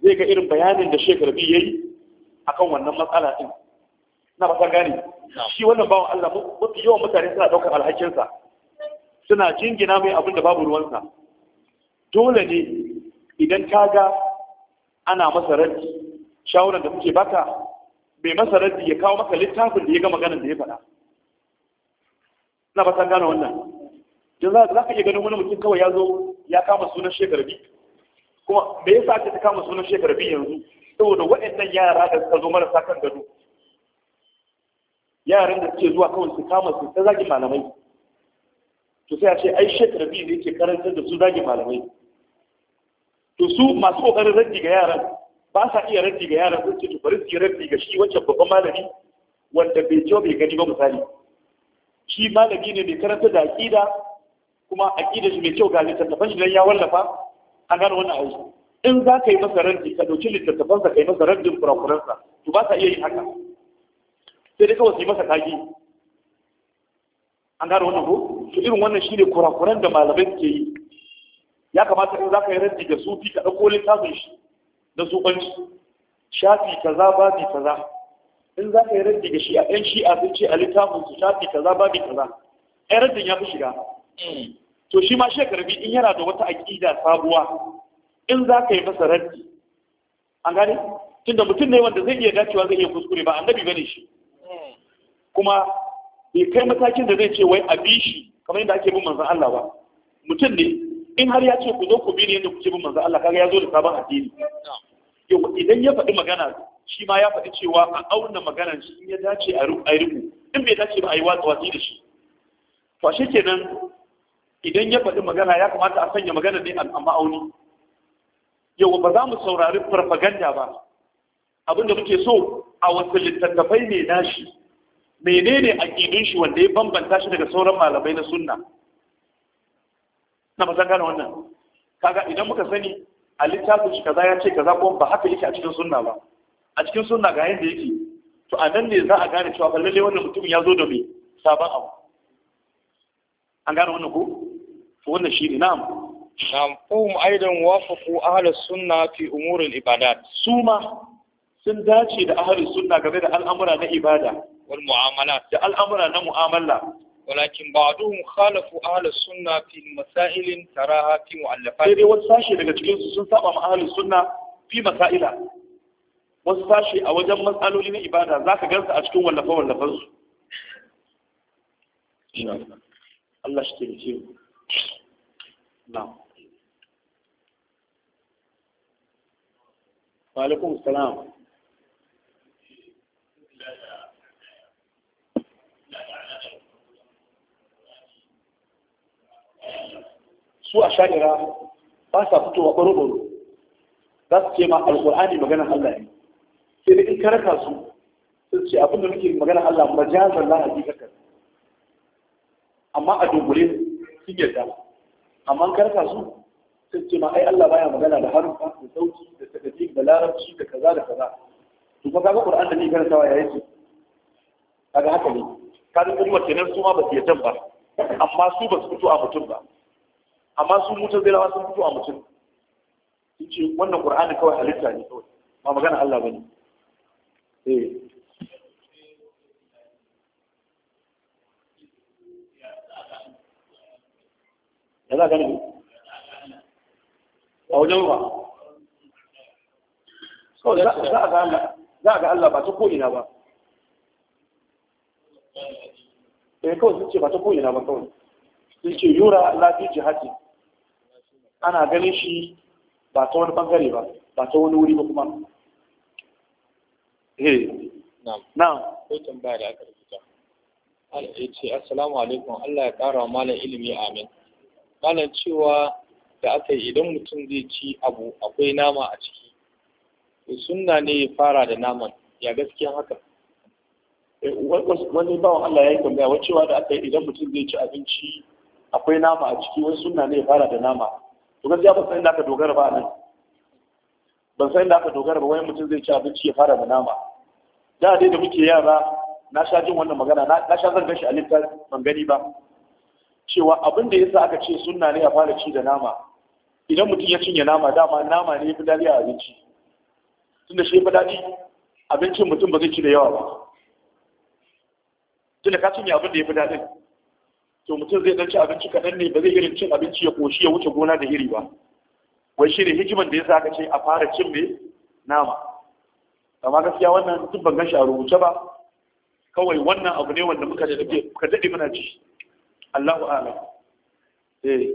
zai ga irin bayanin da biyu ya yi a kan wannan matsala din na ba gane shi wannan bawan Allah mafi yawan mutane suna ɗaukar alhakinsa suna jingina mai abin da babu ruwansa dole ne idan ka ga ana masa raddi da suke baka mai masa raddi ya kawo maka littafin da ya ga maganar da ya faɗa na basan gane wannan don za ka iya ganin wani mutum kawai ya zo ya kama sunan biyu? kuma me yasa ake ta kama sunan biyu yanzu saboda waɗannan yara da suka zo marasa kan gado yaran da suke zuwa kawai su kama su ta zagi malamai to sai a ce ai shek rabi ne ke karantar da su zagin malamai to su masu kokarin raddi ga yaran ba sa iya raddi ga yaran sun ce to bari su raddi ga shi wancan babban malami wanda bai ce bai gani ba misali shi malami ne mai karanta da aqida kuma aqida shi mai kyau ga littattafan shi dan ya wallafa an gano wannan aiki in za ka yi masa raddi ka dauki littattafansa ka yi masa raddin kurakuransa to ba sa iya yin haka sai dai kawai su yi masa kagi an gane wannan ko to irin wannan shine kurakuran da malamai suke yi ya kamata in zaka yi raddi da sufi ka dauko littafin shi na zubanci shafi kaza babi kaza in zaka yi raddi ga shi a ɗan shi'a sun ce a littafin su shafi kaza babi kaza ai raddin ya fi shiga mm. to shi ma shi karbi in yana da wata aƙida sabuwa in za ka yi masa raddi an gane tunda mutum ne wanda zai iya dacewa zai iya kuskure ba annabi bane shi mm. kuma bai kai matakin da zai ce wai a bi shi kamar yadda ake bin manzan Allah ba mutum ne in har ya ce ku zo ku bi ne yadda kuke bin manzan Allah kaga ya zo da sabon addini yau idan ya faɗi magana shi ma ya faɗi cewa a auna maganar shi in ya dace a rubu in bai dace ba a yi watsa watsi da shi to ashe kenan idan ya faɗi magana ya kamata a sanya magana ne a ma'auni yau ba za mu saurari farfaganda ba abinda muke so a wasu littattafai ne nashi menene aqidun shi wanda ya bambanta shi daga sauran malamai na sunna na fatan gane wannan kaga idan muka sani a littafin shi kaza ya ce kaza ko ba haka yake a cikin sunna ba a cikin sunna ga yanda yake to a nan ne za a gane cewa lalle wannan mutumin ya zo da me sabon abu an gane wannan ko to wannan shi ne na'am na'am qum aidan wafaqu ahlus sunna fi umuril ibadat suma sun dace da ahlus sunna game da al'amura na ibada da al'amura na mu'amala walakin ba'duhum khalafu ahlus sunna fi masailin taraha fi mu'allafat sai dai wasu daga cikin su sun saba ma ahlus sunna fi masaila wasu sashe a wajen matsaloli na ibada zaka gansu a cikin wallafa wallafan su Allah shi taimake mu wa alaikum salam su a sha'ira ba sa fitowa ɓaro-ɓaro za su ce ma alƙur'ani maganar Allah ne sai da in karaka su sun ce abinda muke maganar Allah majazan la hakikata amma a dogure sun yarda amma an karaka su sun ce ma ai Allah baya magana da harufa da sauti da sakaji da larabci da kaza da kaza to fa kaga Qur'an da ni karantawa ya ce kaga haka ne kaga kuma kenan su ma ba su yarda ba amma su ba su fito a mutum ba amma su lawa sun fito a mutum sun ce wannan qur'ani kawai halitta ne kawai ba magana Allah bane eh ya za gani a wajen ba za a ga Allah ba ta ko'ina ba eh kawai sun ce ba ta ko'ina ba kawai sun ce yura lafi jihati ana ganin shi ba ta wani bangare ba ba ta wani wuri ba kuma eh na sai tambaya da aka rubuta ya ce assalamu alaikum Allah ya ƙara malam ilimi amin malam cewa da aka yi idan mutum zai ci abu akwai nama a ciki to sunna ne fara da naman ya gaskiya haka eh, wani bawan Allah ya yi tambaya wacewa da aka yi idan mutum zai ci abinci akwai nama a ciki wani sunna ne fara da nama to gaskiya ba san inda aka dogara ba nan ban san inda aka dogara ba wani mutum zai ci abinci ya fara da nama da dai da muke yara na sha jin wannan magana na sha zan gashi a littafi ban gani ba cewa abin da yasa aka ce sunna ne a fara ci da nama idan mutum ya cinye nama dama nama ne ya fi dadi a abinci tunda shi ya fi dadi abincin mutum ba zai ci da yawa ba tunda ka cinye abin da ya fi dadin to mutum zai ɗanci abinci kaɗan ne ba zai irin cin abinci ya koshi ya wuce gona da iri ba wai shi ne hikiman da ya sa aka ce a fara cin mai nama amma gaskiya wannan duk ban gashi a rubuce ba kawai wannan abu ne wanda muka daɗe ka daɗe muna ji Allahu a'lam eh.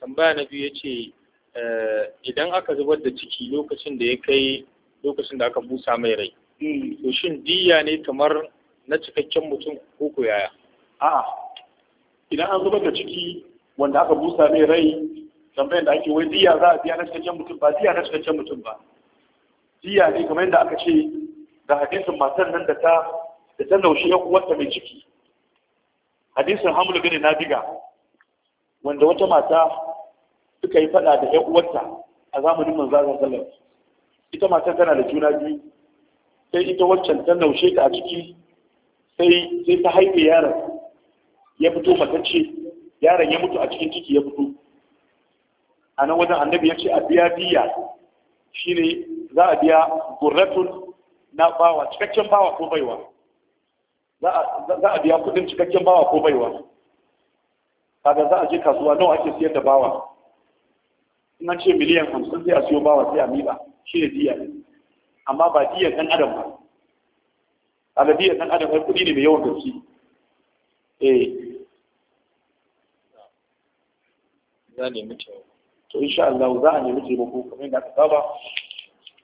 tambaya na biyu ya ce eh, idan aka zubar da ciki lokacin da ya kai lokacin da aka busa mai rai hmm. to shin diya ne kamar na cikakken mutum ko ko yaya a'a idan an zubar da ciki wanda aka busa mai rai tambayar da ake wai diya za a biya na cikakken mutum ba diya na cikakken mutum ba diya ne kamar yadda aka ce da hadisin matar nan da ta da ta naushe ya uwarta mai ciki hadisin hamlu na biga. wanda wata mata suka yi fada da ƴan uwarta a zamanin manzo sallallahu ita matar tana da juna biyu sai ita waccan ta naushe ta a ciki sai sai ta haife yaron ya fito matacce yaron ya mutu a cikin ciki ya fito a nan wajen annabi ya ce a biya biya shine za a biya gurratun na bawa cikakken bawa ko baiwa za a biya kudin cikakken bawa ko baiwa kaga za a je kasuwa nawa ake siyar da bawa in an ce miliyan hamsin sai a siyo bawa sai a miƙa shi ne diya amma ba diya ɗan adam ba kaga diya ɗan adam ai kuɗi ne mai yawan gaske eh a nemi taimako to insha Allah za a nemi taimako kamar yadda aka saba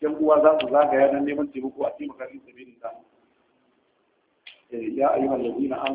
yan uwa za su zagaya don neman taimako a taimaka fi da ya ayyuhal ladina amanu